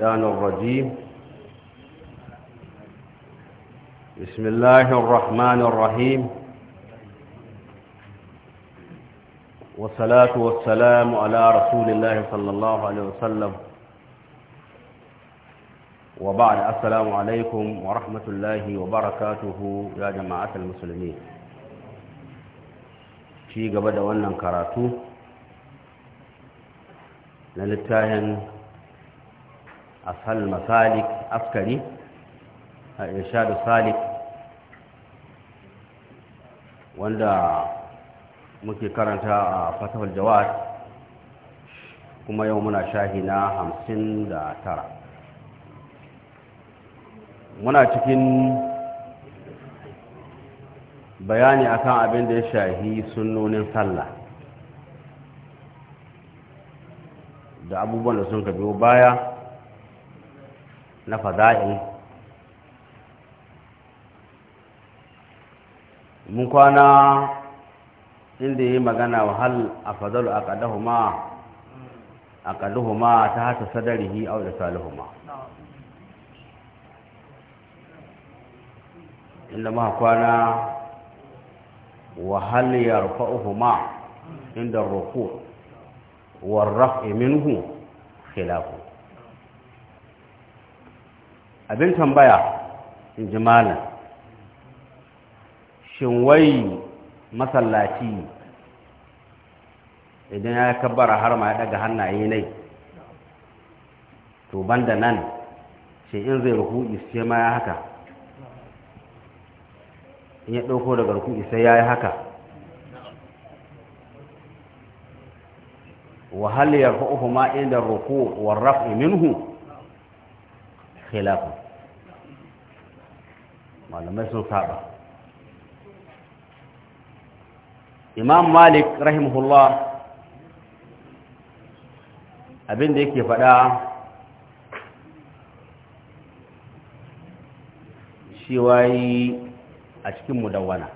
الشيطان الرجيم بسم الله الرحمن الرحيم والصلاة والسلام على رسول الله صلى الله عليه وسلم وبعد السلام عليكم ورحمة الله وبركاته يا جماعة المسلمين شيء قبل أن ننكراته للتاهن ashal masalik askari a irshadu salik wanda muke karanta a fatahul jawad kuma yau muna shahi na hamsin da tara muna cikin bayani akan abin da ya shahi sunnonin sallah da abubuwan da sun biyo baya na fada'il mun kwana inda yi magana wa hal a fadalu a ƙadahuma a ta hata sadarihi au da salihuma inda muka kwana wa hal yarfa'uhuma inda ruku wa raf'i minhu khilafu abin tambaya in ji malam shin wai masallaci idan ya kabbara har ma ya daga hannaye nai to banda nan shi in zai ruku sai ma ya haka in ya ɗauko daga ruku sai ya yi haka wahal ya fa'uhu ma inda ruku wa raf'i minhu khilafun malamai sun saba imam malik rahimahullah abin da yake faɗa shi wayi a cikin mudawwana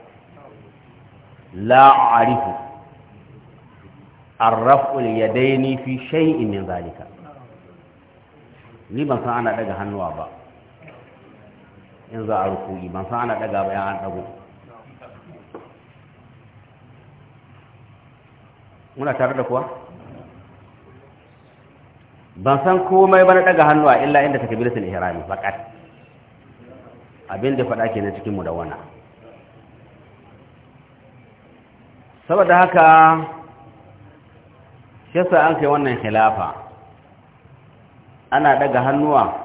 la arifu arraf'ul yadaini fi shay'in min zalika ni ban san ana daga hannuwa ba in za a rukuni ban san ana daga ba an dago muna tare da kuwa ban san komai ba na daga hannuwa illa inda takbiratul ihrami faqat abin da faɗa kenan cikin mu da saboda haka shi yasa an kai wannan khilafa ana daga hannuwa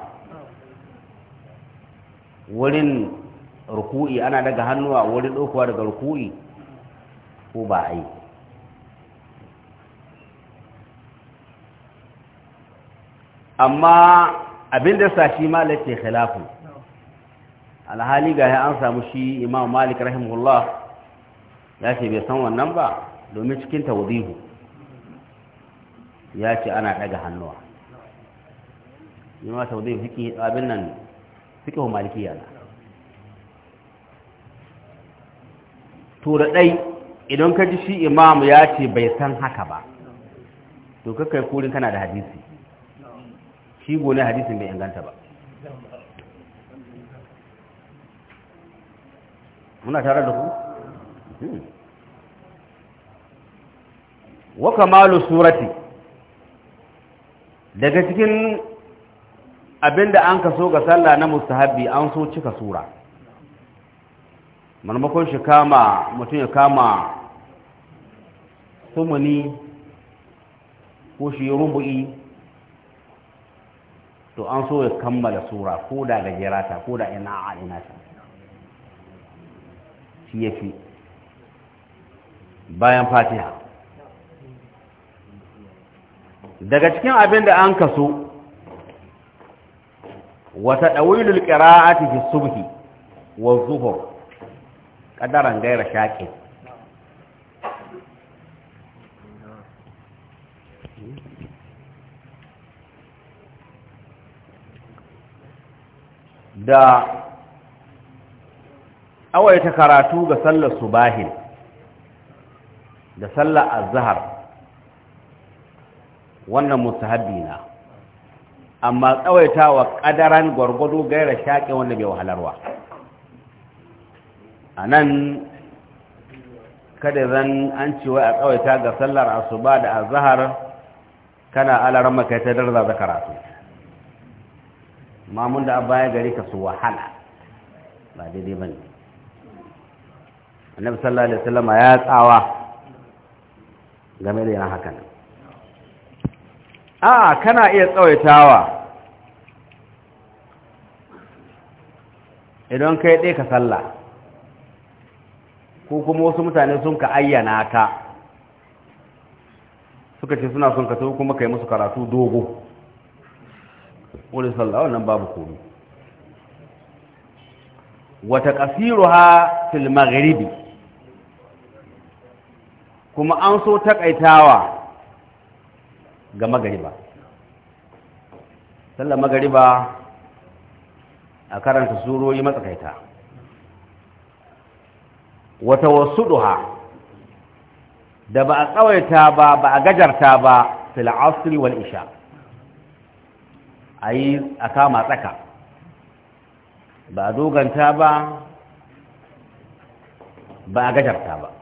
wurin ruku'i ana daga hannuwa wurin ɗaukowa daga ruku'i ko ba a yi amma abin da sa shi malik ke khilafu alhali ga an samu shi imam malik rahimullah ya ce bai san wannan ba domin cikin tawdihu ya ce ana daga hannuwa yi ma sau fiki abin nan fiki malikiya na tura ɗai idan ka ji shi imam ya ce bai san haka ba to kakai kurin kana da hadisi shi gona hadisin bai inganta ba muna tare da ku hmm. wa kamalu surati daga cikin abinda an kaso ga sallah na mustahabi an so cika sura marmakon shi kama mutum ya kama sumuni ko shi rubu'i to an so ya kammala sura ko da gajera ta ko da ina a ina ta shi ya fi bayan fatiha daga cikin abin da an kaso wata ɗawilul ƙira'ati fi subhi wa zuhur ƙadaran gaira shaƙi da awaita karatu ga sallar subahin da sallar azhar wannan mustahabbi na amma wa ƙadaran gwargwado gaira shaƙe wanda bai wahalarwa a nan kada zan an ciwa a tsawaita ga sallar asuba da azahar kana alarar makaita darza da karatu mamun da baya gari ka su wahala ba daidai ba ne annabi sallallahu alaihi wasallama ya tsawa game da yana hakan a kana iya tsawaitawa idan yi ɗai ka salla, ko kuma wasu mutane sun ka ayyana ta suka ce suna son ka tafi kuma ka yi musu karatu dogo Wani sallah wannan babu komi wata kasiruha ha maghribi kuma an so takaitawa ga magariba sallar magariba a karanta suroyi matsakaita wata wasu duha da ba a tsawaita ba ba a gajarta ba fil'asri wal isha a yi a kama tsaka ba a doganta ba ba a gajarta ba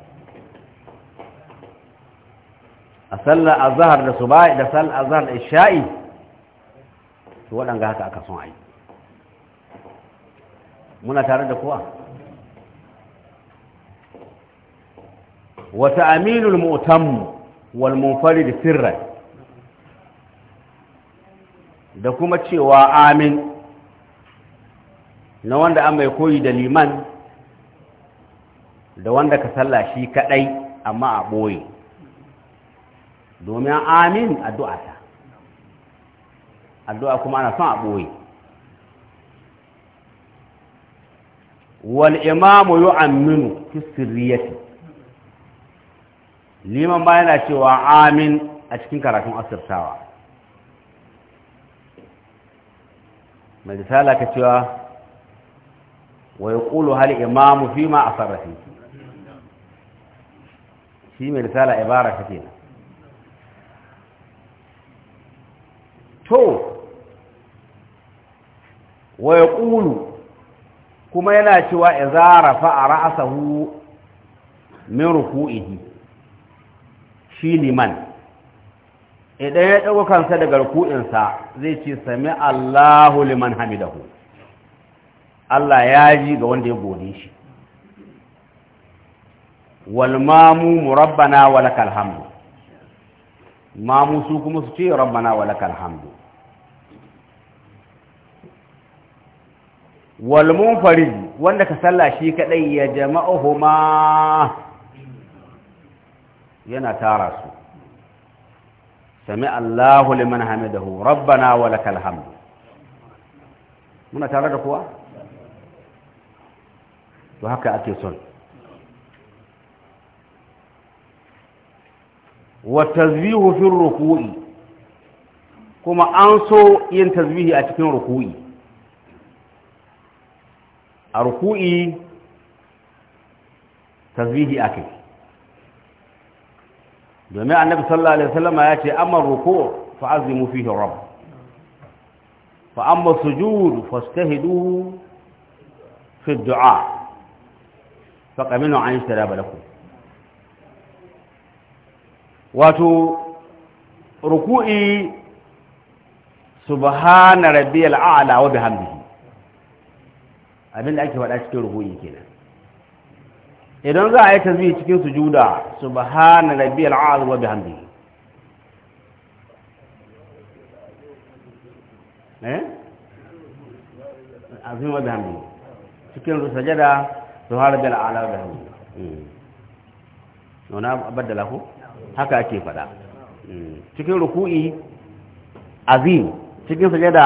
a sallar azhar da su suba'i da sallar azhar da isha'i to waɗanga haka aka son ayi muna tare da kowa Wata ta'minul mu'tam wal munfarid sirran da kuma cewa amin na wanda an mai koyi da liman da wanda ka sallah shi kadai amma a ɓoye. domin amin addu'a ta addu'a kuma ana son a ɓoye wal imamu yu aminu fi sirriyati liman ba yana cewa amin a cikin karatun asirtawa mai tsala ka cewa wa ya ƙulu hal imamu fi ma a sarrafi shi mai misala ibara ta kenan to wa yaqulu kuma yana cewa idza zarafa ra'sahu min ruku'ihi shi liman idan ya ɗago kansa daga ruku'insa zai ce sami Allahu liman hamidahu Allah ya ji ga wanda ya gode shi wal mamu rabbana wa ma musu kuma su ce rabbana wa lakal hamdu wal munfarid wanda ka salla shi kadai ya jama'uhuma yana tara su sami Allahu liman hamidahu rabbana wa lakal hamdu muna tare da kuwa to haka ake son wa tasbihu fi ruku'i kuma an so yin tasbihi a cikin ruku'i a ruku'i tasbihi ake. domin annabi sallallahu alaihi wasallam ya ce amma ruku' fa azimu fihi rabb fa amma sujud fastahidu fi du'a fa qaminu an istiraba lakum wato ruku'i subhana rabbiyal a'la wa bihamdihi abin da ake faɗa cikin ruku'i kenan idan za a yi tasbih cikin sujuda subhana rabbiyal a'la wa bihamdihi eh azim wa bihamdihi cikin sajada subhana rabbiyal a'la wa bihamdihi hmm. nona baddala ko haka ake faɗa mm. cikin ruku'i azim cikin sujada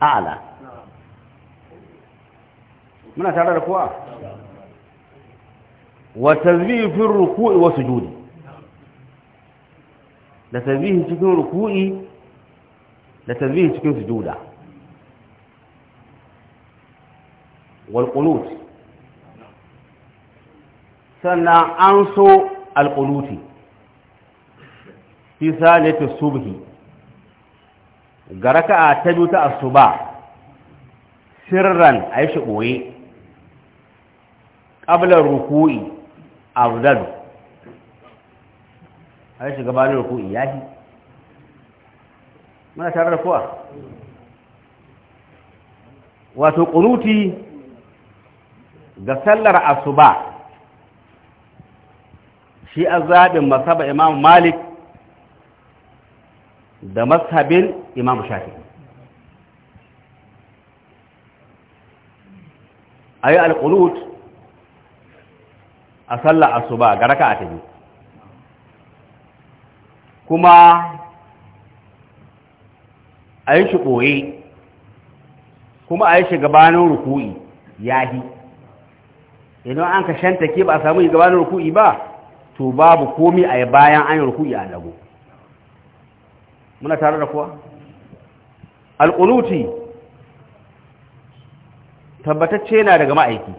a'la muna tare da kowa wa tazbihir ruku'i wa sujudi da tazbihi cikin ruku'i da tazbihi cikin sujuda wal qunut sannan an so al qunuti fi salatu subhi ga raka'a ta biyu ta asuba sirran ayi shi boye qabla ruku'i afdalu ayi shi gabanin ruku'i yahi muna tare da kowa wato kunuti ga sallar asuba shi azabin masaba imam malik da mazhabin imam a yi alqunut a sallar asuba ga raka a biyu kuma yi shi ɓoye kuma yi shi gabanin ruku'i yahi idan an ka shanta ke ba a samu yi gabanin ruku'i ba to babu komi a yi bayan an yi ruku'i a dago muna tare da kuwa alƙunuti tabbatacce yana daga ma'aiki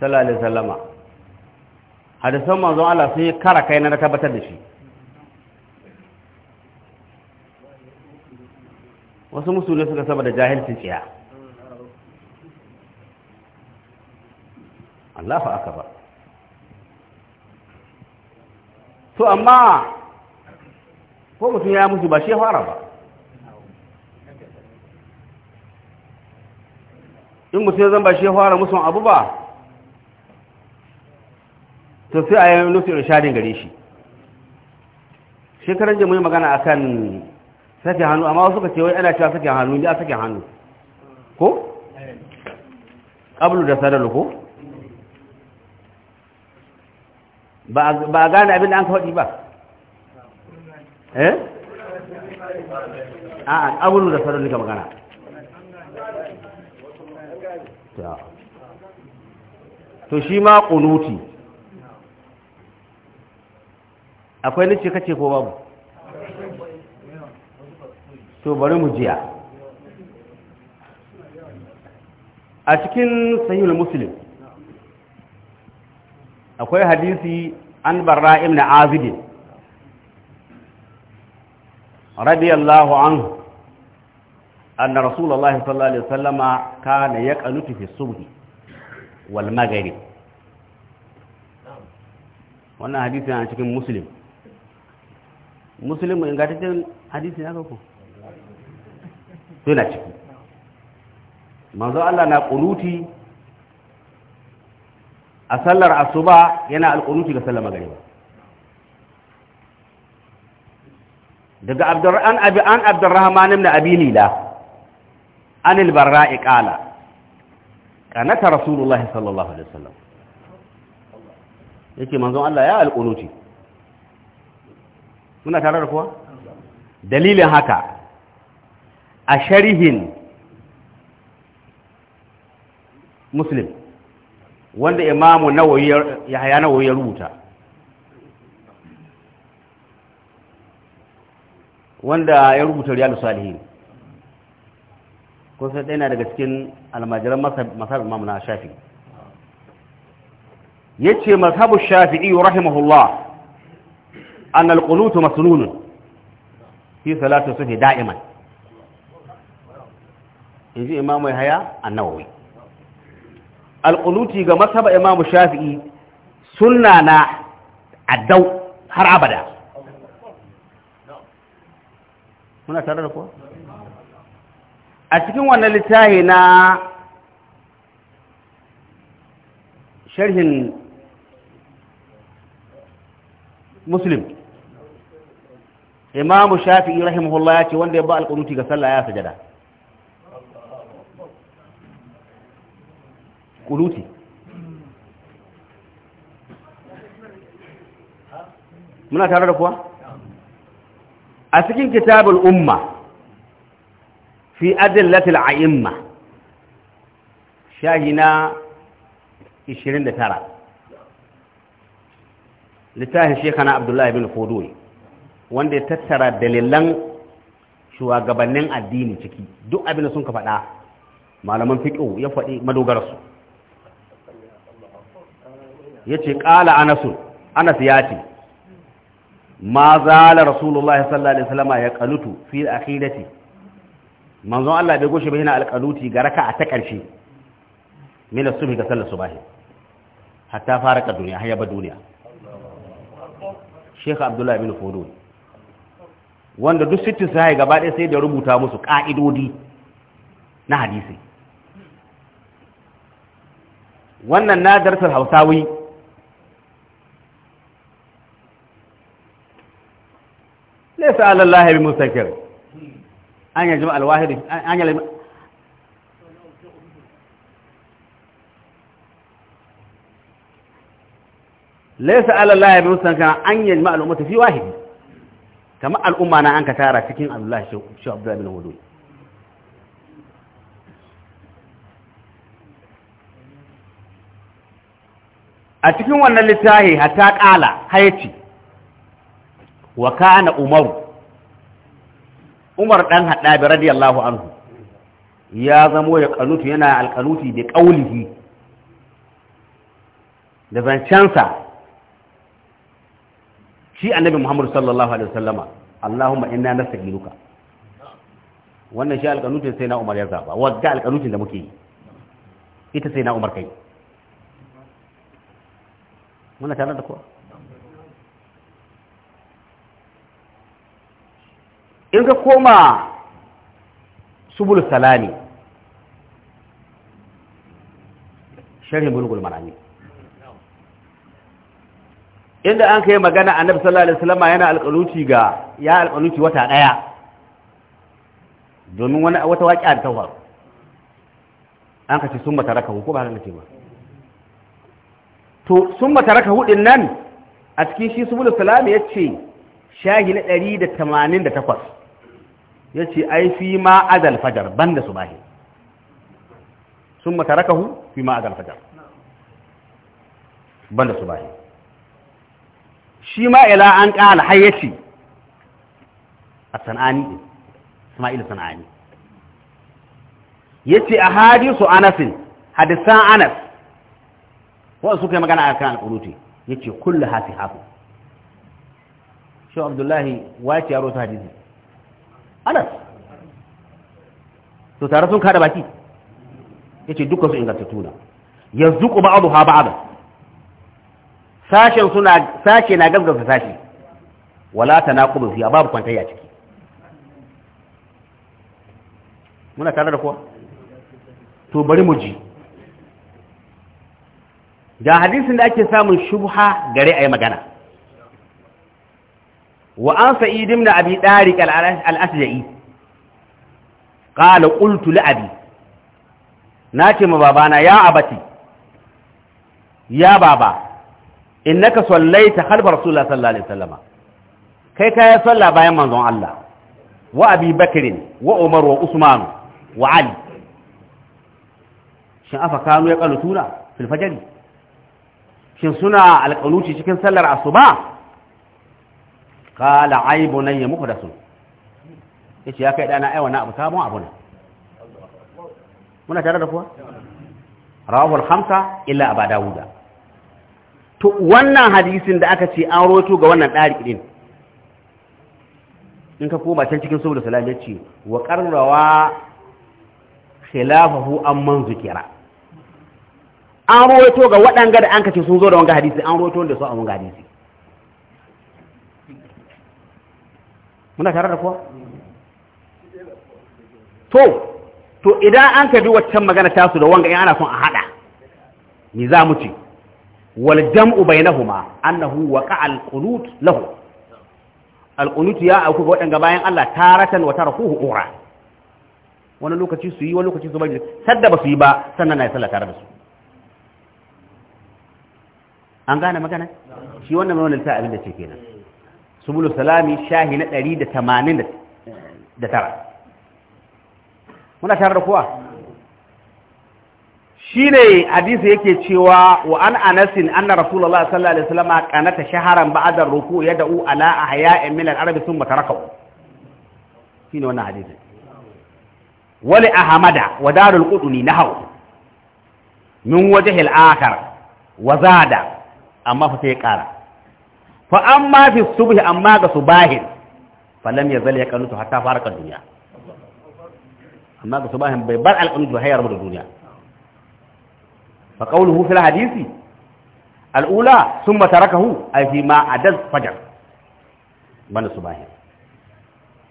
sallallahu Hada hadisan manzon Allah sun yi kara kai na tabbatar da shi wasu musulmi suka saboda jahilcin tsiya Allah fa aka ba to amma ko mutum ya mutu ba shi ya fara ba in mutum ya zan ba shi ya fara musu abu ba to sai a yi nufin rishadin gare shi shekaran jami'ai magana a kan sake hannu amma wasu ka ce wai ana cewa sake hannu ya a sakin hannu ko? ƙablu da sadar ko? ba a gane abin da an kawaɗi ba eh da ka magana to shi ma kunuti akwai nace kace ko babu to bari mu jiya a cikin sahihul muslim akwai hadisi an barra ibn azib رضي الله عنه أن رسول الله صلى الله عليه وسلم كان يقنط في الصبح wannan hadisi na cikin muslim muslim ingantaccen hadisi na kako suna ciki manzo Allah na kunuti a sallar asuba yana alkunuti ga sallar magariba daga abdurrahman abi an abdurrahman ibn Abilila, lila an al-barra'i qala kanata rasulullahi sallallahu alaihi wasallam yake manzon Allah ya alƙunuti muna tare da kuwa dalilin haka a sharihin muslim wanda imamu nawawi ya rubuta wanda ya rubuta riyalu salihin ko sai ɗaya daga cikin almajiran masar imam na shafi ya ce mazhabu shafi'i rahimahullah an alƙulutu masununun fi salatu sufi da'iman in ji imamu ya haya annawawi alƙuluti ga masaba imamu shafi'i sunna na addau har abada muna tare da kuwa a cikin wannan littafi na sharhin muslim imamu shafi'i rahimahullah ya ce wanda ya ba alƙunuti ga sallah ya sajada ƙunuti muna tare da kuwa a cikin kitabul umma fi adillatil a'imma shahina 29 littafin shekana abdullahi bin fodoi wanda ya tattara dalilan shugabannin addini ciki duk abin da sun ka faɗa malaman fiƙo ya faɗi madogarsu ya ce ƙala anasun anas ya ce ma zala rasulullah sallallahu alaihi wasallam ya qalutu fi akhirati manzon Allah bai goshi bai yana alqaluti ga raka'a ta karshe min as-subhi ga sallar subahi hatta faraka duniya hayya ba duniya Sheikh Abdullah bin Fudud wanda duk sittin sai gaba ɗaya sai da rubuta musu ka'idodi na hadisi wannan na darsar Hausawi laysa ala allahi bi mustakir an yajma al alwahiri an yajma laysa ala allahi bi mustakir an yajma al ummata fi wahid kama al'umma na an ka tara cikin abdullahi shi abdullahi bin hudud a cikin wannan littafi hatta kala haiti wa kana umaru umar dan haddabi radiyallahu anhu ya zamo ya kanuti yana alkanuti da kaulihi da zancensa shi annabi muhammadu sallallahu alaihi wasallama allahumma inna nastaghfiruka wannan shi alkanutin sai na umar ya zaba wadda alkanutin da muke yi ita sai na umar kai muna tare da kowa in ka koma subul salami sharhin bulugul marami inda an kai magana annabi sallallahu alaihi wasallam yana alƙaluci ga ya alƙaluci wata daya domin wani wata waƙi a tawar, an ka ce sun mata raka ko ba haka ce ba to sun mata raka hudin nan a cikin shi subul salami yace shahi na 188 ya ce ai fi ma adal fajar ban da su bahi sun matarakahu fi ma adal fajar ban da su bahi shi ma ila an ƙala har a sana'ani ismail sana'ani ya ce a hadisu anasin hadisan anas wanda suka yi magana a kan alƙunuti ya ce kulle hasi hafi shi abdullahi wace yaro ta hadisi anas to tare sun kada baki yace dukkan su inganta tuna. Yanzu ku ba'adu ha ba'ada. sashen suna sashe na gaggasa sashe wala tanaqubu fiya babu ya ciki muna tare da kowa to bari mu ji ga hadisin da ake samun shubha gare ayi magana wa an sa'id ibn abi dariq al-asja'i qala qultu li abi nace ma babana ya abati ya baba innaka sallaita khalfa rasulullah sallallahu alaihi wasallam kai kai salla bayan manzon Allah wa abi bakr wa umar wa usman wa ali shin afa ya qalutuna fil fajr shin suna alqaluti cikin sallar asuba aibu nan ya da su. ya kai dana aiwa na abu samun abu ne muna tare da kuwa Rahul Hamsa khamsa illa aba dawuda to wannan hadisin da aka ce an roto ga wannan ɗari ɗin in ka koma can cikin saboda salam ya ce wa ƙarrawa khilafahu an man zukira an roto ga waɗanga da an kace sun zo da wanga hadisi an roto da su a wanga hadisi muna tare da kuwa to to idan an ka bi waccan magana tasu da wanga in ana son a hada ni za mu ce wal jam'u bainahuma annahu waqa al qunut lahu al qunut ya auku ga wadanga bayan Allah taratan wa tarkuhu ura wani lokaci su yi wani lokaci su bari sadda ba su yi ba sannan na yi sallah tare da su an gane magana shi wannan mai wannan ta abin da ce kenan subulu salami shahi na 189 muna tare da kuwa Shi ne hadisi yake cewa wa an anasin anna rasulullahi sallallahu alaihi wasallam qanata shaharan ba'da ruku yad'u ala ahya'in min al-arab thumma tarakahu shine wannan hadisi wali ahmada wa darul qudni nahaw min wajhi al-akhar wa zada amma fa sai qara fa amma fi subhi amma ga subahin falam yazal yaqnutu hatta faraka dunya amma ga subahin bai bar alqanutu hayar da duniya fa qawluhu fil hadisi al'ula thumma tarakahu ay fi ma adaz fajr bana subahin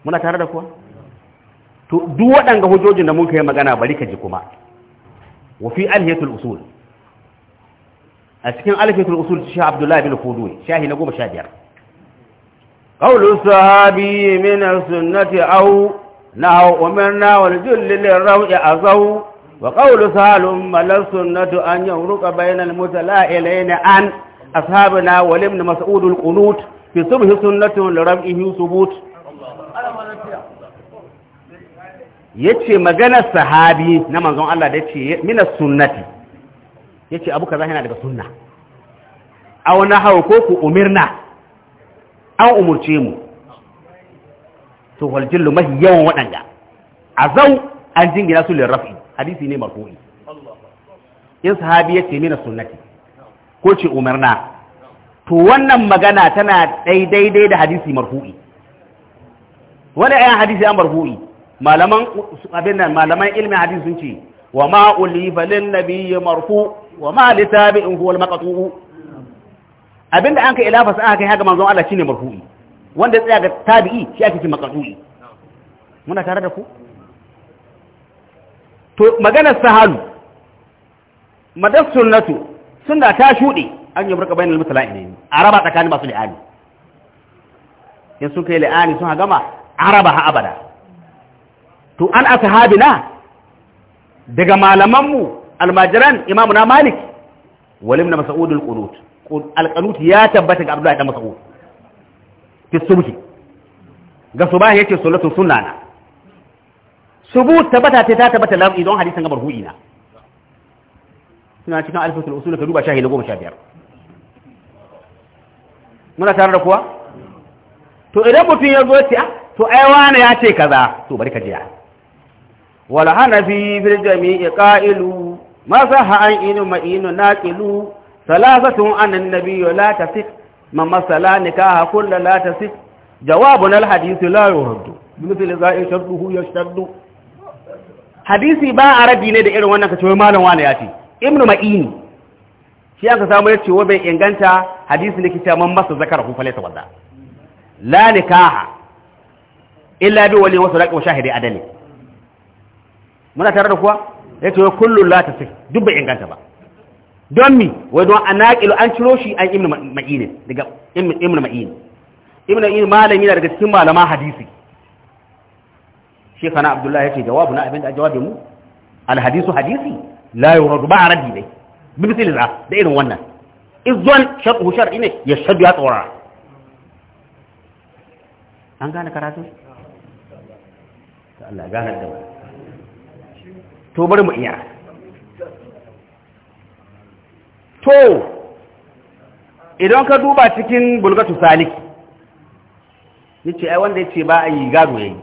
muna tare da kuwa to duk waɗanga hujojin da mun kai magana bari ka ji kuma wa fi alhiyatul usul a cikin alifatul usul shi abdullahi bin hudu shahi na goma sha biyar ƙaunar sahabi min sunnati au na umarna jin jullilin rau'i a zau wa ƙaunar sahalun malar sunnatu an yau ruka bayanan mutala ilayna an ashabi na walim na masa'udul kunut fi subhi sunnatu da su subut ya ce maganar sahabi na manzon Allah da ce min sunnati yace abu kaza yana daga sunna aw nahaw ko ku umirna an umurce mu to wal jillu mahi yawan a azau an jingina su lirafi hadisi ne marfu'i in sahabi yace mina sunnati ko ce umarna to wannan magana tana daidai da hadisi marfu'i wani ayan hadisi an marfu'i malaman abin nan malaman ilmin hadisi sun ce wa ma ulifa lin nabiyyi marfu wa ma li tabi'in huwa al maqtuu abinda an ka ilafa sa aka yi haka manzon Allah shine marfu'i wanda tsaya ga tabi'i shi ake cewa maqtu'i muna tare da ku to maganar sahalu madar sunnatu sunna ta shude an yi burka bainal mutala'in a Araba tsakanin masu li'ani in sun kai li'ani sun gama araba ha abada to an ashabina daga malamanmu almajiran imamu na malik walim na masa'ud al-qunut al-qunut ya tabbata ga abdullahi dan mas'ud fi subhi ga subahi yake sunnatu sunnana subut tabbata ta tabbata lafi don hadisin gabar na suna cikin alfatul usul ka duba shahi na goma sha biyar muna tare da kuwa to idan mutum ya zo ce ah, to ai wani ya ce kaza to bari ka jiya wal hanafi fil jami'i qailu ما صح عن إن مئين ناكل ثلاثة أن النبي لا تسك من مثلا نكاح كل لا تسك جوابنا الحديث لا يرد بمثل ذا شرطه يشتد hadisi ba a ne da irin wannan cewa malam wani ya ce ibnu ma'ini shi aka samu ya cewa bai inganta hadisi ne kita man masa zakara kun falaita wadda la nikaha illa bi wali wasu wa shahidi adali muna tare da kuwa ya ce kullum la ta sai duk bai inganta ba don mi wai don an naƙilu an ciro shi an ibn ma'ini daga ibn ma'ini ibn ma'ini malami na daga cikin malama hadisi shekana abdullahi ya ce jawabu na abin da jawabin mu alhadisu hadisi la yuradu ba radi dai bimsil da da irin wannan izwan shar'u shar'i ne ya shaddu ya tsora an gane karatu Allah gane da wani to bari mu iya to idan ka duba cikin bulgatu saliki ce ai wanda ya ce ba a yi gado ya yi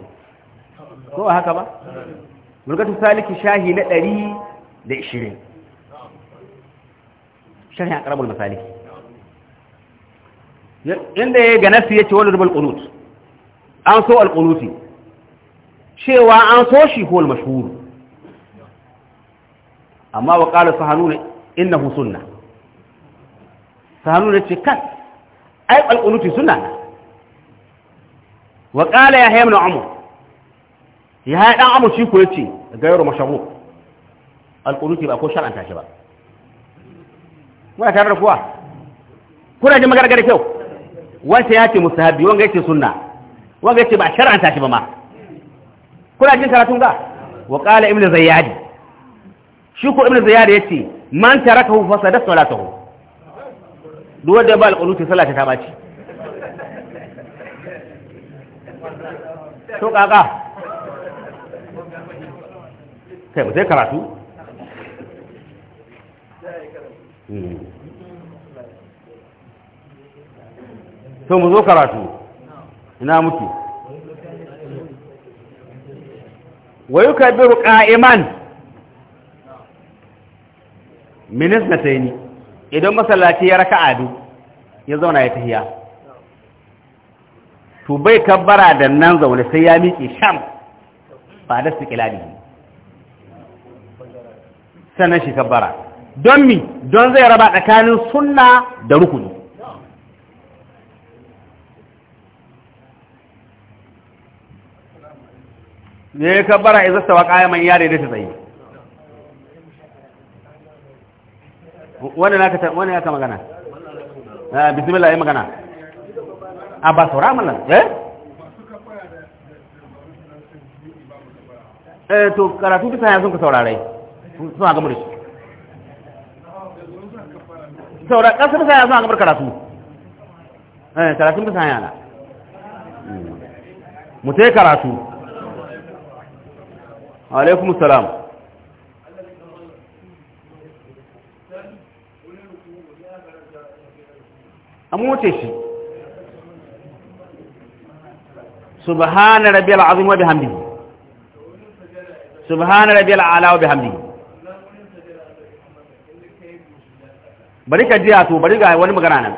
ko a haka ba bulgatu saliki shahi na 120 shahi a karabul Saliki inda ya ga ya ce wani rubul ƙunut an so al cewa an so shi ko mashuru amma wa qala sahanun innahu sunna sahanun ce kan ai alqunuti sunna wa qala ya hayman amr ya hay dan amr shi ko yace gairu mashru alqunuti ba ko shar'anta shi ba muna tare da kuwa kuna ji magana da kyau wanda ya ce mustahabi wanda ya ce sunna wanda ya ce ba shar'anta shi ba ma kuna jin karatun ga wa qala ibnu zayyadi shi ko ibnu ziyad yace man tarakahu fasadat salatuhu duk wanda ba alquluti salata ta baci to kaka kai mu sai karatu hmm. to mu zo karatu ina muke wa yukabbiru qa'iman minis na sai ni idan masallaci ya raka adu ya zauna ya tahiya to bai kabbara da nan zaune sai ya miƙe sham ba da su kilali sannan shi kabbara don mi don zai raba tsakanin sunna da rukuni ne kabbara izasta wa kayan man yare da ta tsaye wanda na ta wanda ya magana eh bismillah ya magana a ba saura mallan eh eh to karatu duka ya sun ka saurare suna ga da shi saura kasar sa ya ga gamu karatu eh mm. karatu bisa yana mu te karatu alaikum salam an wuce shi subhana rabbil azim wa bihamdihi subhana rabbil ala wa bihamdihi bari ka jiya to bari ga wani magana nan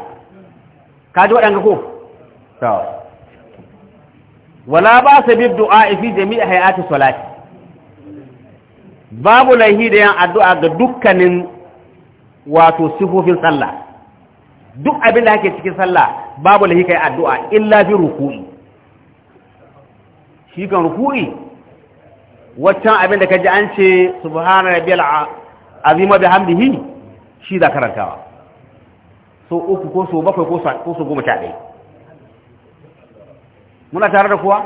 ka ji waɗanda ko to wala ba sa bid du'a fi jami'i hayati salati babu laihi da yan addu'a ga dukkanin wato sifofin sallah duk abin da ake cikin sallah babu lahi kai addu'a illa bi ruku'i shi kan ruku'i waccan abin da kaji an ce subhana biyar azima hamdihi shi za karantawa so uku ko so bakwai ko so ko goma ta ɗaya muna tare da kuwa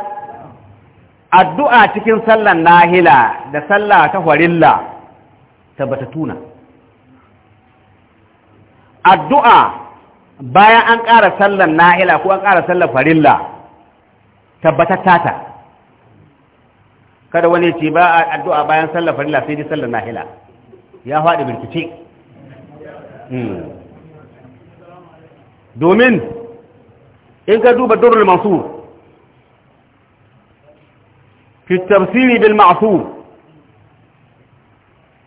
addu'a cikin sallan nahila da sallah ta farilla tabbata tuna addu'a bayan an ƙara sallar na'ila ko an ƙara sallar farilla tabbatar tata kada wani ce ba a addu'a bayan sallar farilla sai dai sallar na'ila ya faɗi birkice domin in ka duba durul mansur fi tafsiri bil ma'sur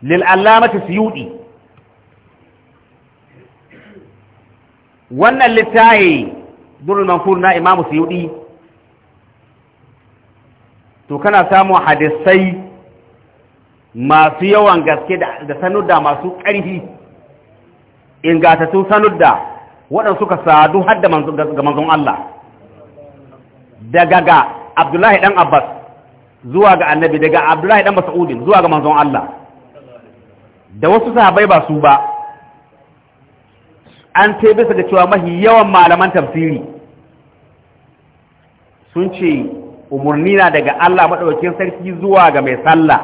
lil allamati suyudi wannan littafi durul manfur na imamu suyudi to kana samu hadisai masu yawan gaske da sanudda masu ƙarfi ingantattun sanudda waɗanda suka sadu har da ga manzon Allah daga ga Abdullahi dan Abbas zuwa ga annabi daga Abdullahi ɗan Mas'udin zuwa ga manzon Allah da wasu sahabai ba su ba an ta bisa ga cewa mahi yawan malaman tafsiri sun ce umarni na daga Allah maɗaukin sarki zuwa ga mai sallah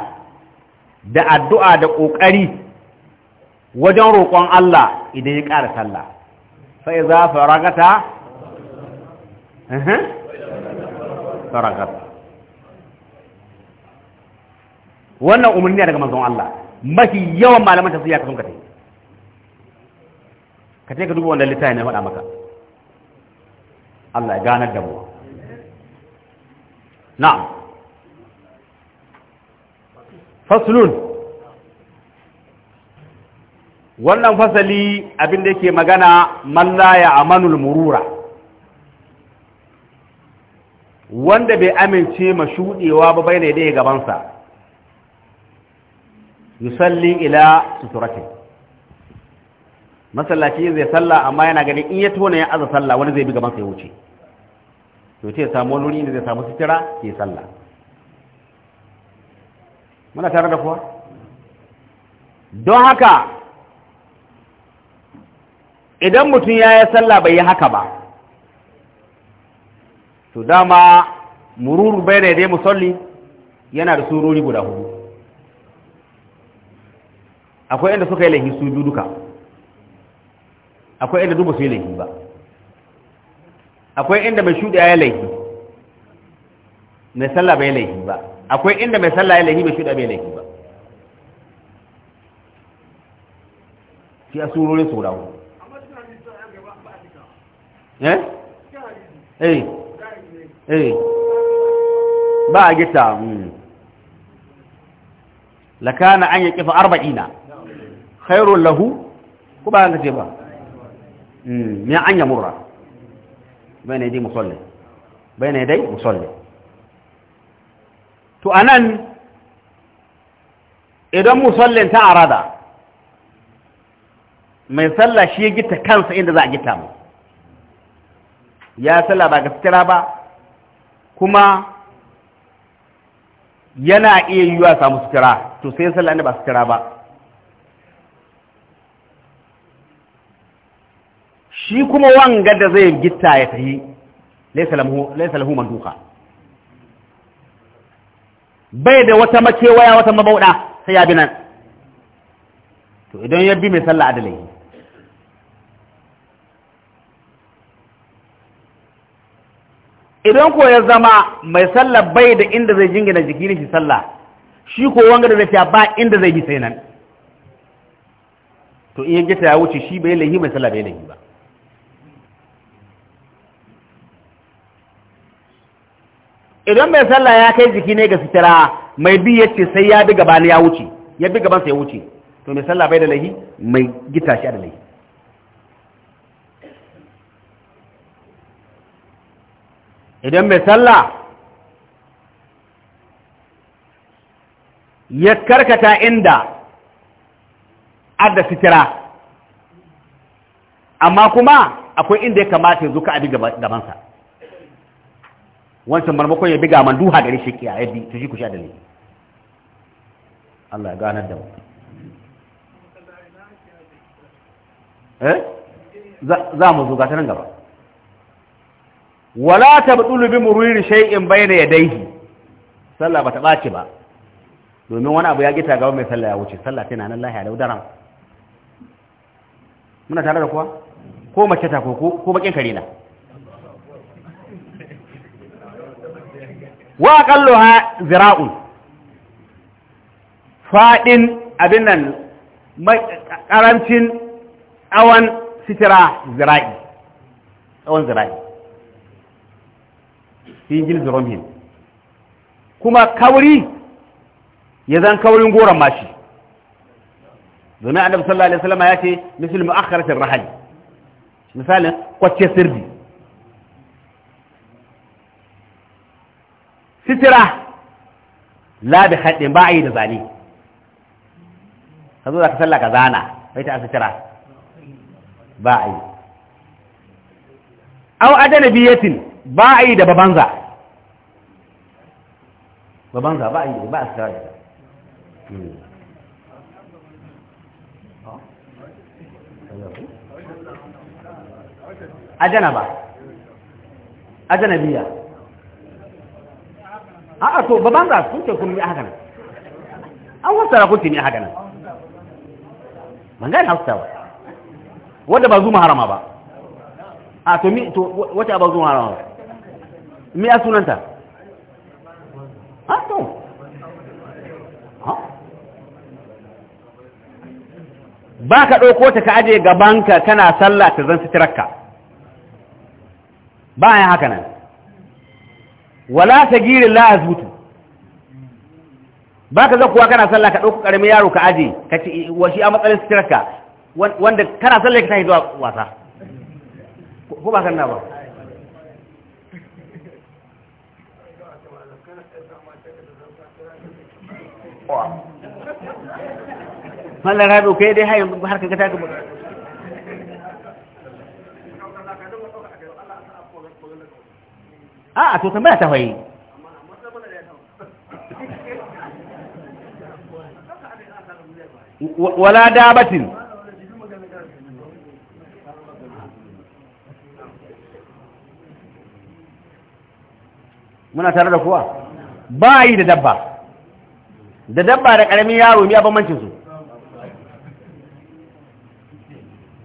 da addu'a da ƙoƙari wajen roƙon Allah idan ya ƙara sallah sai za faragata faragata wannan umarni daga manzon Allah mafi yawan malaman tafsiri ya kasance ka je ka duba wannan littafin na faɗa maka Allah ya ganar da mu na'am faslun wannan fasali abin da yake magana Mallaya ya amanul murura wanda bai amince ma shudewa ba bai ne da gabansa yusalli ila suturatin masallaci zai sallah amma yana ganin in ya tona ya aza sallah wani zai bi gaban ya wuce to ce samu wani ne zai samu sutura ke sallah muna tare da kuwa don haka idan mutum ya yi sallah bai yi haka ba to dama mururu bai da dai musalli yana da surori guda hudu akwai inda suka yi lahi su duka akwai inda duba su yi laifi ba akwai inda mai shuɗe ya laifi mai sallah bai laifi ba akwai inda mai sallah ya laifi mai shuɗe bai laifi ba shi a surorin saurawo eh eh eh ba a gita hmm. lakana an yi kifa arba'ina khairun lahu ku ba an ce ba من أن يمر بين يدي مصلي بين يدي مصلي to anan idan musallin ta arada mai sallah shi ya gita kansa inda za a gita mu ya sallah ba gaskira ba kuma yana iya yiwa samu sutura to sai sallah inda ba sutura ba shi kuma wanga da zai gitta ya tafi laisa lahu manduka bai da wata makewaya wata mabauda sai ya bi nan to idan ya bi mai sallah adalai idan ko ya zama mai sallah bai da inda zai jingina jiki ne shi sallah shi ko wanga da zai ba inda zai bi sai nan to in ya gita ya wuce shi bai lahi mai sallah bai lahi ba idan mai sallah ya kai jiki ne ga sitira mai bi ya ce sai ya bi gaban ya wuce ya bi gaban sai ya wuce to mai sallah bai da lahi mai gita shi a da lahi idan mai sallah ya karkata inda adda sitira amma kuma akwai inda ya kamata ya zuka abi gabansa wancan marmakon ya biga man duha gare shi a yadda bi to shi ku sha da ni Allah ya ganar da mu eh za mu zo gata nan gaba wala tabdulu bi muriri shay'in bayna yadayhi sallah bata ɓaci ba domin wani abu ya gita gaba mai sallah ya wuce sallah tana nan lahiya lau daram muna tare da kuwa ko mace ta ko ko bakin kare na wa aqalluha zira'un faɗin abin nan karancin awan sitira zira'i awan zira'i fi jil ziromhin kuma kauri ya zan kaurin goron mashi domin annabi sallallahu alaihi wasallam ya ce misal mu'akhkharatir rahal misalin kwacce sirri sitira la da haɗin ba a yi da zane ka zo za ka sallah ka zana bai ta a sitira ba a yi au adana biyatin ba a yi da babanza babanza ba a yi ba a sitira da ajana hmm. ba ajana biya a'a to baban za su ce kun yi haka nan an fassara kun ce haka nan ban gane hausawa wadda ba zuma harama ba a to mi to wata ba zuma harama ba mi a sunanta a to ba ka ɗauko ta ka aje gabanka kana sallah ta zan suturarka bayan haka nan wala sagirin la azbutu baka kuwa kana sallah ka dauko karamin yaro ka aje ka ci washi a matsalin sitirka wanda kana sallah ka tafi zuwa wasa ko ba kan na ba Allah rabu kai dai har yanzu ka ga ta a a to tambaya ta hoyi wala dabatin muna tare da kuwa ba yi da dabba da dabba da ƙaramin yaro ya bambancin su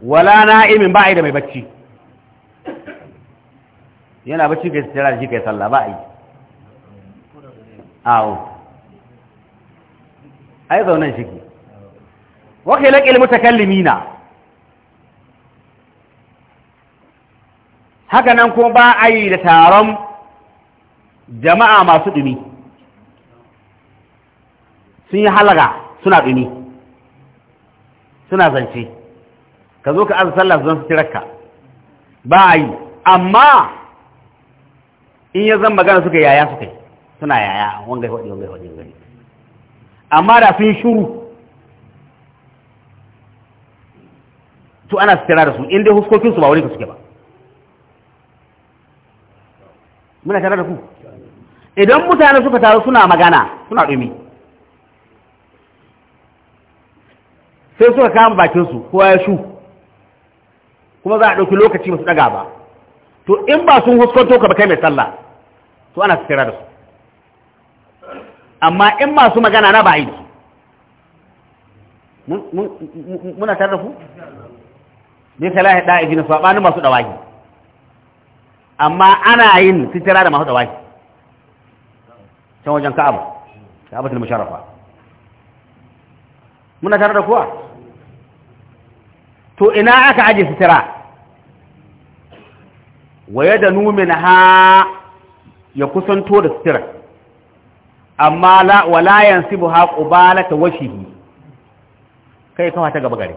wala na'imin ba yi da mai bacci yana bacci kai tsira da shi kai sallah ba a yi awo ai zaunan shi ke wakil laƙil mutakallimina haka nan kuma ba a yi da taron jama'a masu ɗumi sun yi halaga suna ɗumi suna zance ka zo ka azu sallah zan su tirarka ba a yi amma in ya zan magana suka yaya suka yi suna yaya wanga hodi wanga hodi wanga amma da sun shuru to ana sitira da su inda dai huskokin su ba wurin suke ba muna tare da ku idan mutane suka taru suna magana suna dumi sai suka kama bakin su kowa ya shu kuma za a ɗauki lokaci ba su ɗaga ba to in ba sun huskanto ka ba kai mai sallah to ana tsira da su amma in masu magana na ba yi muna tare da ku bi salahi da ijina sabanin masu dawaki amma ana yin sitira da masu dawaki can wajen ka'aba ka'abatul musharrafa muna tare da kuwa to ina aka aje sitira waye da numin ha ya kusanto da sutura amma walayan sibu ha ƙubala ta washihi kai kawa ta gaba gare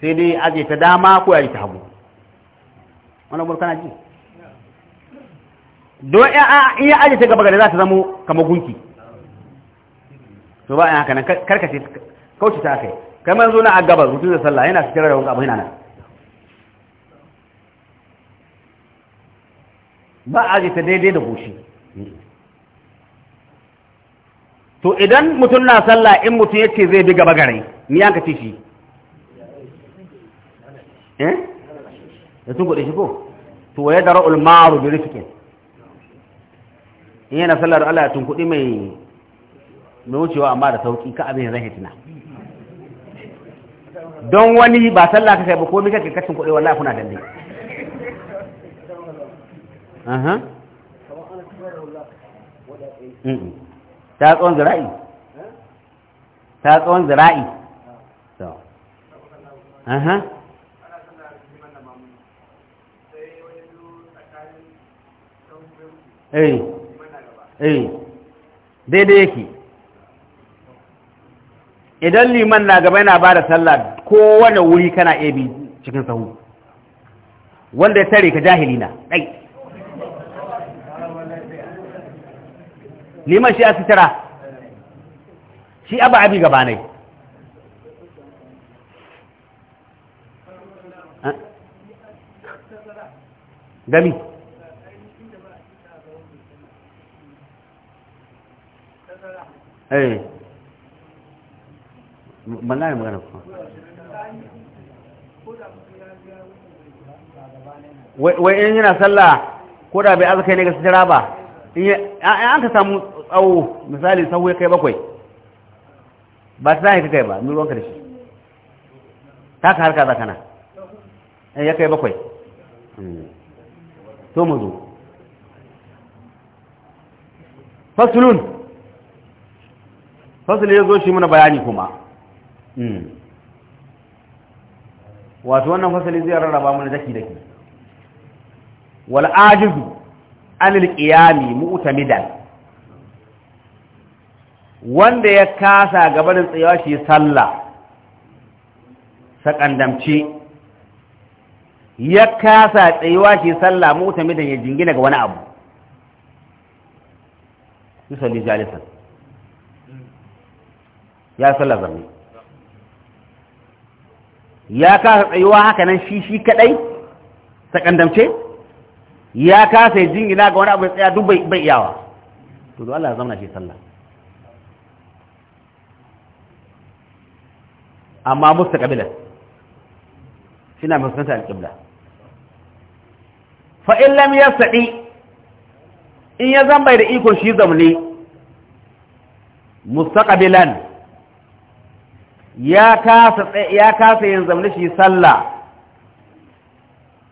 sai dai aje ta dama ko ya yi ta hagu wani na ji don iya aje ta gaba gare za ta zamo kama gunki to ba a haka nan karkace kauce ta kai kamar zo na a gabas rutun da sallah yana sutura da wani abu yana nan ba a ta daidai da goshi to idan mutum na sallah in mutum ya ce zai bi gaba gare ni yanka ci shi eh da sun kuɗi shi ko to ya dara ulmaru bi rifikin in yana sallar Allah ya tun kuɗi mai mai wucewa amma da sauƙi ka abin zai hitina don wani ba sallah ka kai ba ko mika kake kacin kuɗi wallahi kuna dande aha ta tsawon zira'i ta tsawon zira'i aha eh eh daidai yake idan liman na gaba yana ba da sallah kowane wuri kana ebi cikin sahu wanda ya tare ka jahili na ɗai liman shi a sitara, shi abu abi ne gami eh. wai in yana sallah ko da bai azkai ne ga sitira ba an ka samu tsawo misali tsawo ya kai bakwai ba ta ka kai ba nuruwan ka da shi ta ka harka za kana eh, ya kai bakwai hmm. to mu zo fasulun fasulun ya zo shi muna bayani kuma hmm. wato wannan fasali zai rarraba mana daki daki wal ajizu anil qiyami mu'tamidan wanda ya kasa gaba da tsayawa shi sallah sakandamci ya kasa tsayawa shi sallah mu'tamidan ya jingina ga wani abu misali jalisan ya sallah zamani ya kasa tsayuwa haka nan shi shi kadai sakandamce ya kasa ya jingina ga wani abu ya tsaya duk bai iyawa to Allah ya zama shi sallah amma musta kabilar shina fuskanta alƙibla fa'in lam ya saɗi in ya zambai da ikon shi zamne mustaqbilan ya kasa ya kasa yin zamne shi sallah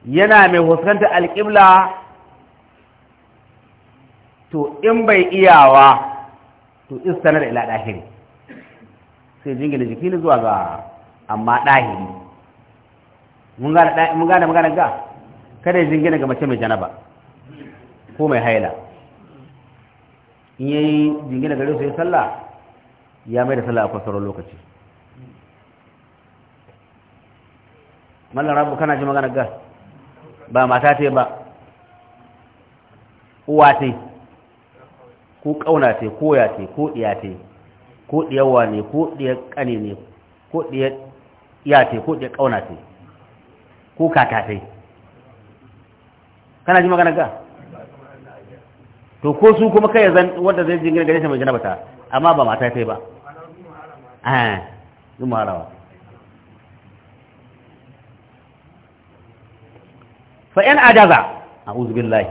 yana mai huskanta alƙibla to in bai iyawa to da ila ɗahiri sai jingina jiki ne zuwa ga amma ɗahiri mun gane magana ga kada ya jingina ga mace mai janaba ko mai haila in yi jingina gare su yi sallah ya mai da sallah a kwasarar lokaci mallan rabu kana ji magana ga ba mata ta ba uwa ta ko kauna ta ko ya ta ko ɗiya ta ko diyawa ne ko diyar kane ne ko diyar iya ta ko diyar kauna ta ko kaka ta kana ji magana ga to ko su kuma kai zan wanda zai jingina gare shi mai janabata amma ba mata ta ba eh zuma harawa fa in ajaza a'udhu billahi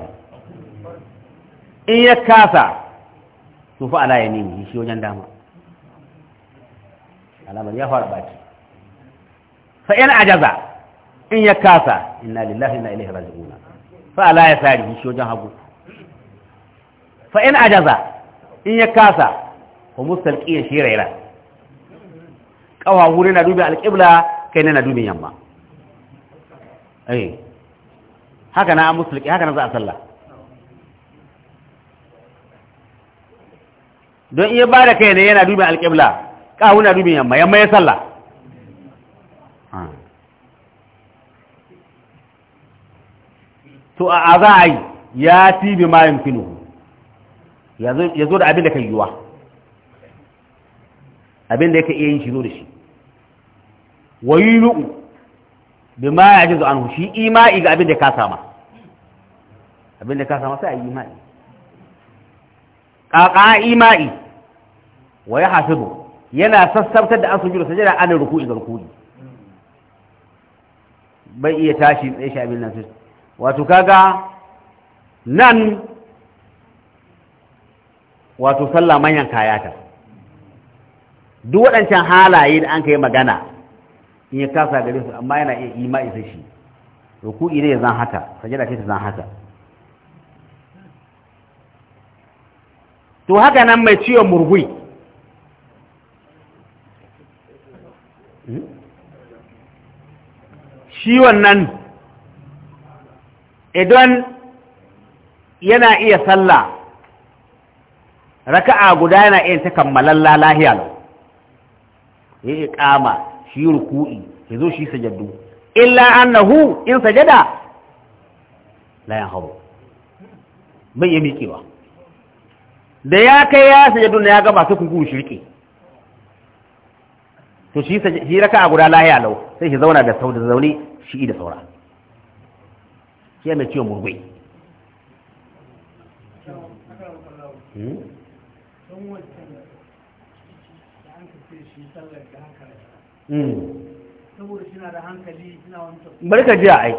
in ya kasa to fa ala yamini shi wajen dama alamar ya fara baki fa in ajaza in ya kasa inna lillahi inna ilaihi raji'un fa ala yasari shi wajen hagu fa in ajaza in ya kasa fa mustalqiyan shi raira kawa wuri na dubi alqibla kai na dubi yamma eh haka na musulki haka na za a sallah don iya ba da kai ne yana dubin alƙibla ƙahu na dubin yamma yamma ya sallah to a za a yi ya fi bi mayan finu ya zo da abin da kan yiwa abin da ya ka iya yin shi zo da shi wayi lu'u. bima ya ji zuwa shi imai ga abin da ka sama abin da ka sama sai a yi imai ƙaƙa imai wa ya hasibu yana sassabtar da an jiro sajada an ruku'i ga ruku'i bai iya tashi tsaye shi abin nan wato kaga nan wato sallah manyan kayata duk waɗancan halaye da an kai magana in ya kasa gare su amma yana iya ima isa shi ire ya zan haka sajada ce ta zan haka to haka nan mai ciwon murgui shi wannan idan yana iya sallah raka'a guda yana iya ta kammalan lahiya lau ya iƙama shi ruku'i ya zo shi sajaddu illa annahu in sajada la yanharu bai yi miƙewa da ya kai ya sajaddu na ya gaba su kunkuru shirki to shi shi raka a guda lahiya lau sai shi zauna da sau da zaune shi da saura shi ya mai ciwon murgwai hmm? don wancan da an kafe shi sallar da haka Hmm. saboda suna da hankali suna wani bari ka jiya ai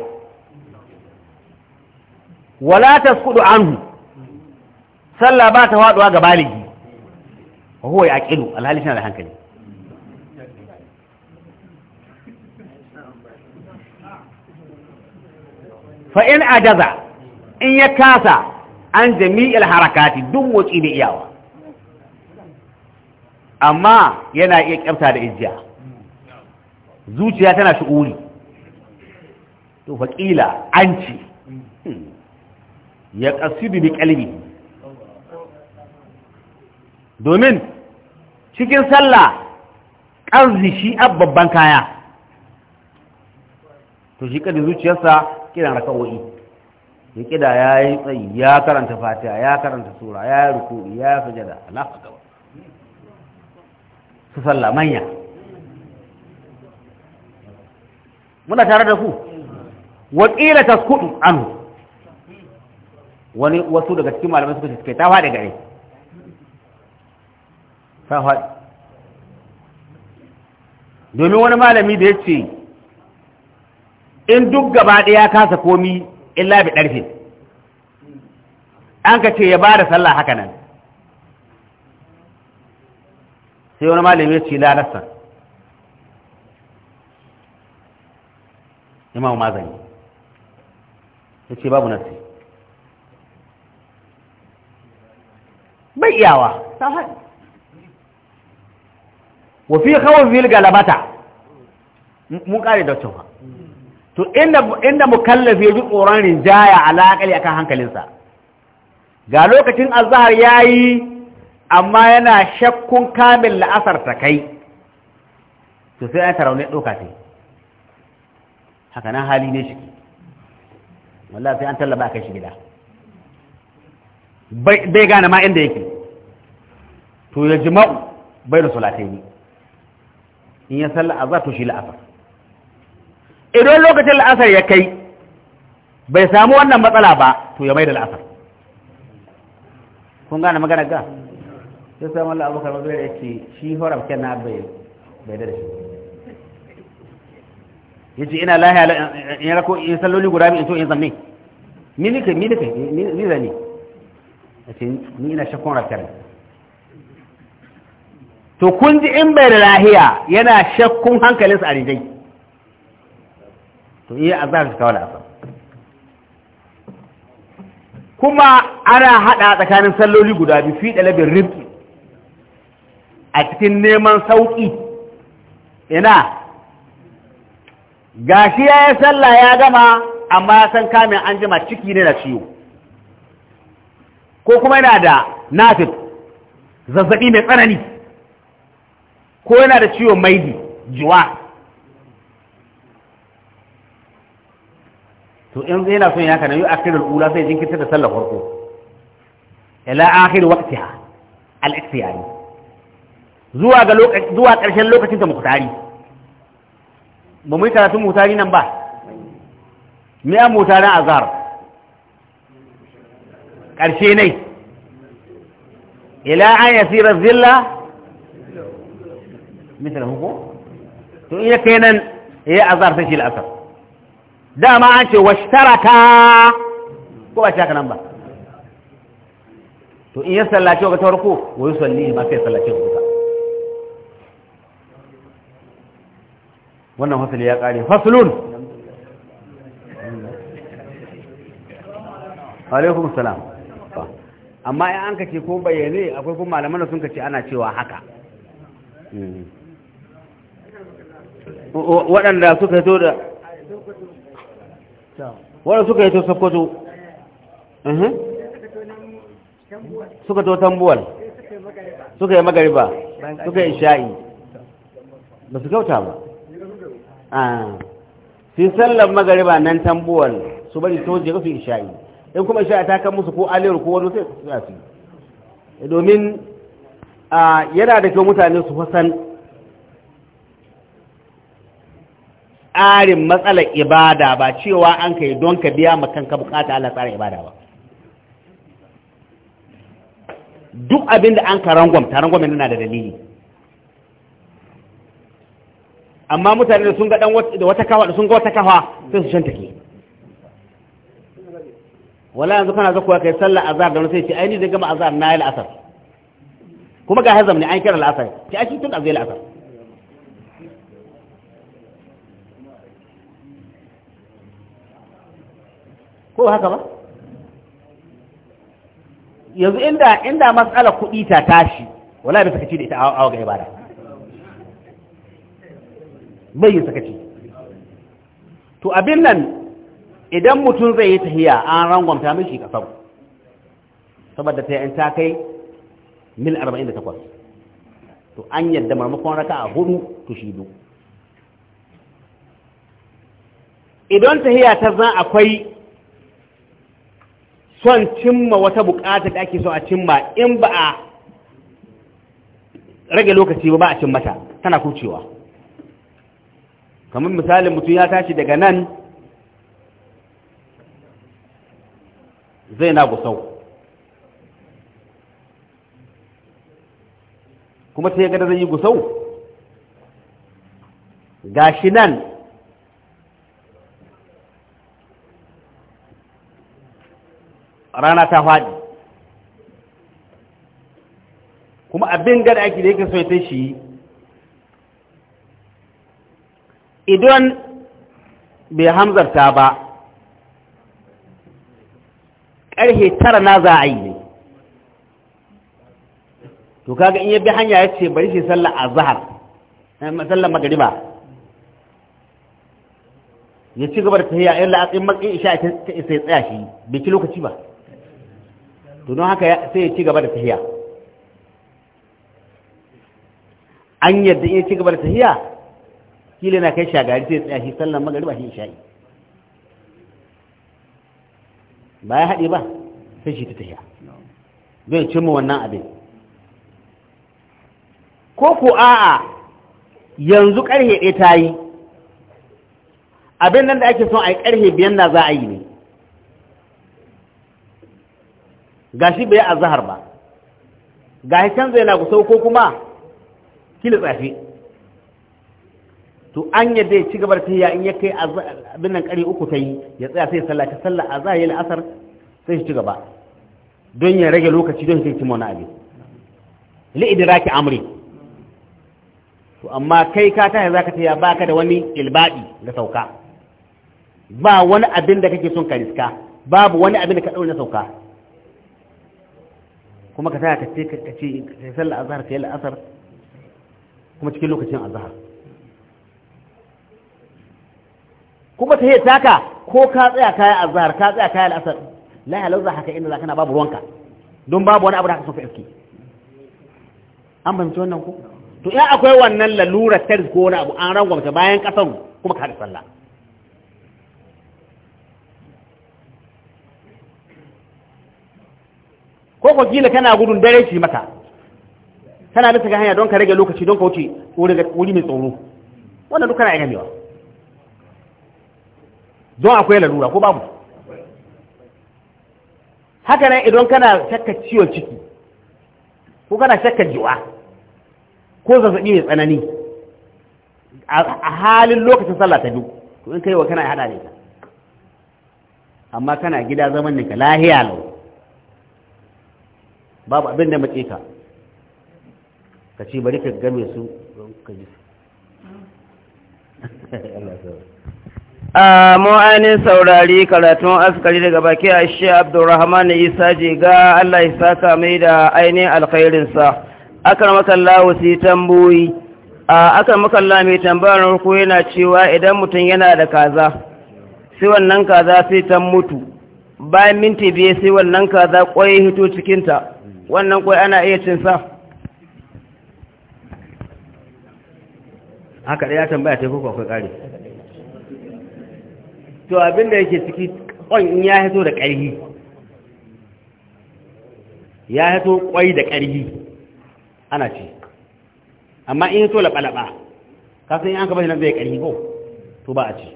wala tasqudu anhu sallah ba ta faduwa ga baligi wa huwa yaqilu alhali suna da hankali fa in ajaza in ya kasa an jami'il harakati duk wuci da iyawa amma yana iya kyamta da ijiya zuciya tana shi'uri to faƙila an ce ya ƙasidu bi ƙalbi domin cikin sallah ƙarzi shi babban kaya to shi ƙadda zuciyarsa kiran rakawai ya ƙida ya yi tsayi ya karanta fatiya ya karanta sura ya yi ruku ya yi sujada Allah su sallah manya muna tare da ku wakila taskudu anhu wani wasu daga cikin malamai suka ce kai ta faɗi gare ta faɗi domin wani malami da ya ce in duk gaba ɗaya kasa komi illa bi ɗarfe an ka ce ya ba da sallah haka nan sai wani malami ya ce larasa imamu mazani ya ce babu nasi bai iyawa ta haɗi wafi kawai fil galabata mun kare da cewa to inda mukallafi ya ji tsoron rinjaya alaƙali kan hankalinsa ga lokacin azahar ya yi amma yana shakkun kamin la'asar ta kai to sai an tarauni ɗauka ce. haka nan hali ne shi wallahi sai an tallaba kai shi gida bai gane ma inda yake to ya jima'u bai da sulatai ne in ya salla a za to shi la'asar idan lokacin la'asar ya kai bai samu wannan matsala ba to ya mai da la'asar kun gane magana ga sai samun la'abokar mazuwa ya ce shi horar kenan bai da shi ya ce ina lahiya in rako in salloli guda biyu in so in zanne ni nika ni nika ni zanne a ce ni ina shakkun rakiyar to kun ji in bai da lahiya yana shakkun su a rijai to iya azhar ta kawala asar kuma ana hada tsakanin salloli guda biyu fi dalabin rifi a cikin neman sauki ina shi ya yi sallah ya gama amma ya san kamin an jima ciki ne na ciwo ko kuma yana da nafif zazzabi mai tsanani ko yana da ciwon maidi jiwa to in zai yana son yaka na yi akirar ula sai jinkirta da sallar farko ila akhir waqtiha al-ikhtiyari zuwa ga zuwa ƙarshen lokacin ta muktari ba mu yi karatun mutari nan ba me an mutarin azhar ƙarshe ne ila an yasira zilla misal hukum to iya kai nan ya azhar sai shi la'asar. dama an ce wa washtaraka ko ba shaka nan ba to in ya sallace wa ta farko wa yusalli ma sai sallace wa ta wannan fasali ya kare faslun alaikum salam amma ya an kace ko bayyane akwai kuma malaman da sun kace ana cewa haka waɗanda suka yato to da waɗanda suka yato to suka to tambuwal suka yi magariba suka yi sha'i ba su kyauta ba Ah. sai sallar magariba nan tambuwar su bari to je rufe isha'i in kuma isha'i ta kan musu ko aliyar ko wani sai su yi. domin ah, yana da kyau mutane su fasan tsarin matsalar ibada ba cewa an kai don ka biya ka bukata ala tsarin ibada ba duk abin da an ka ta rangwam yana da dalili amma mutane da sun ga wata kawa da sun ga wata kawa sai su shanta ke wala yanzu kana zakuwa kai sallar azhar da wani sai ce ai ni zai gama azhar na yi la'asar kuma ga hazam ne an kira la'asar ce ake tun azai la'asar ko haka ba yanzu inda inda matsalar kuɗi ta tashi wala da suka ci da ita awa ga ibada bai yi sakaci to abin nan idan mutum zai yi tahiya an rangwamta mishi kasar saboda ta yi ta kai mil 48 to an yadda marmakon raka a hudu to shi duk idan tahiya ta zan akwai son cimma wata bukata da ake so a cimma in ba a rage lokaci ba ba a cimmata tana kucewa kamar misalin mutum ya tashi daga nan zai na gusau kuma sai gada zai yi gusau gashi nan rana ta faɗi kuma abin gada ake da yake so ya ta shi idan bai hamzarta ba ƙarfe tara na za a yi ne to kaga in yabi hanya ya ce bari shi sallar azhar eh, sallar magariba ya ci gaba da tafiya illa a tsayin matsayin isha ta isa ya tsaya shi bai ci lokaci ba to don haka sai ya ci gaba da tafiya an yadda in ya ci gaba da tafiya kila na kai shagari sai tsaya shi sallan magariba shi shayi. ba ya haɗe ba sai shi ta tafiya zai cimma wannan abin ko ko a'a yanzu ƙarhe ɗaya ta yi abin nan da ake son a yi ƙarhe biyan na za a yi ne ga shi bai a zahar ba ga shi canza yana kusa ko kuma kila tsafi to an yadda ya ci gabar ta tahiya in ya kai abin nan kare uku ta yi ya tsaya sai sallah ta sallah a zahiyar asar sai shi ci gaba don ya rage lokaci don sai cimma wani abin raki amri to amma kai ka tahi ta ya baka da wani ilbadi ga sauka ba wani abin da kake son ka riska babu wani abin da ka daure na sauka kuma ka ta ka ce ka ce sallah azhar yi la'asar, kuma cikin lokacin azhar kuma ta taka ko ka tsaya kayan azhar ka tsaya kayan al'asar la ya lauza haka inda za na babu ruwanka don babu wani abu da haka so ka iske an banci wannan ku to ya akwai wannan lalura ta ko wani abu an rangwamta bayan kasan kuma ka da sallah ko ko kila kana gudun dare shi maka kana nisa ga hanya don ka rage lokaci don ka wuce wuri mai tsoro wannan duk kana iya gamewa don akwai lalura ko babu haka nan idan kana shakka ciwon ciki ko kana shakka jiwa ko zazzabi mai tsanani a halin lokacin sallah ta biyu to in kai wa kana hada ne amma kana gida zaman ne ka lahiya lau babu abin da mace ka ka bari ka game su ka ji a ainihin saurari karatun askari daga baki a shi abdurrahman isa ga allah isa kame da ainihin alkhairinsa akan makalla wasu A akan makalla mai tambayar rukun yana cewa idan mutum yana da kaza sai wannan kaza sai ta mutu bayan minti biye sai wannan kaza kwai hito cikinta wannan kwai ana iya cinsa haka ɗaya tambaya ta kuka akwai kare to abin da yake ciki ƙwan ya hito da ƙarfi ya hito ƙwai da ƙarfi ana ce amma in so laɓa-laɓa kasan yin an ka shi nan zai ƙarfi ko to ba a ce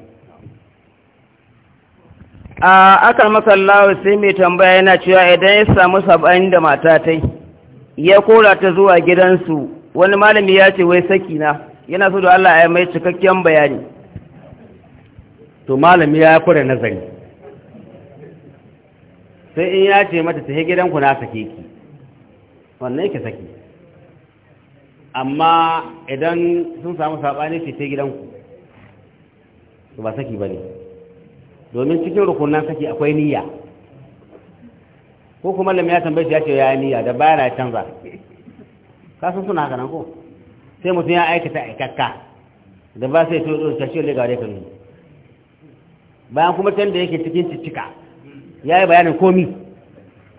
a aka masallawa sai mai tambaya yana cewa idan ya samu saba'in da matatai ya kora ta zuwa gidansu wani malami ya ce wai saki na yana so da Allah ya mai cikakken bayani to malami ya kure nazari sai in ya ce mata tafi gidanku na sake ki wannan yake sake amma idan sun samu saɓani ce ta gidanku to ba saki ba ne domin cikin rukunan saki akwai niyya ko kuma lamya ya shi ya ce ya yi niyya da bayan ya canza kasan suna ganin ko sai mutum ya aikata aikakka da ba sai to ya ɗauka shi ya lega da bayan kuma can da yake cikin cicika ya yi bayanin komi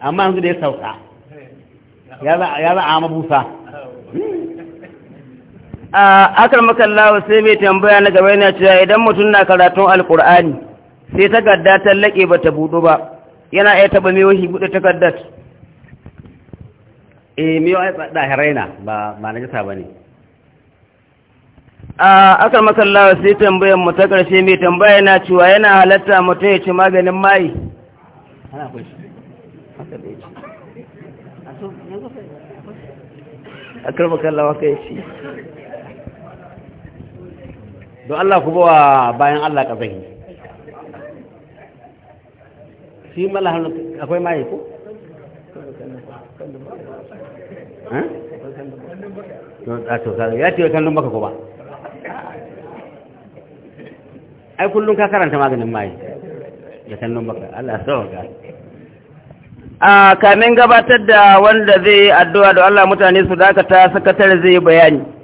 amma yanzu da ya sauka ya za a mabusa a akar makalla sai mai tambaya na gaba yana cewa idan mutum na karatun alkur'ani sai takarda ta laƙe ba ta buɗu ba yana iya taba mai wahi buɗe takardar E, eh, mai wa ɗahiraina ba na jisa ba ne a aka makallawa sai tambayar mu ta ƙarshe mai tambaya na cewa yana halatta mutum ya ci maganin mai a karmakallawa kai shi don Allah ku bawa bayan Allah ƙazahi shi mala hannu akwai mai ko? ya ce wa kallon baka ko ba ai kullum ka karanta maganin mai da kallon baka Allah sauka a kamin gabatar da wanda zai addu'a da Allah mutane su dakata sakatare zai bayani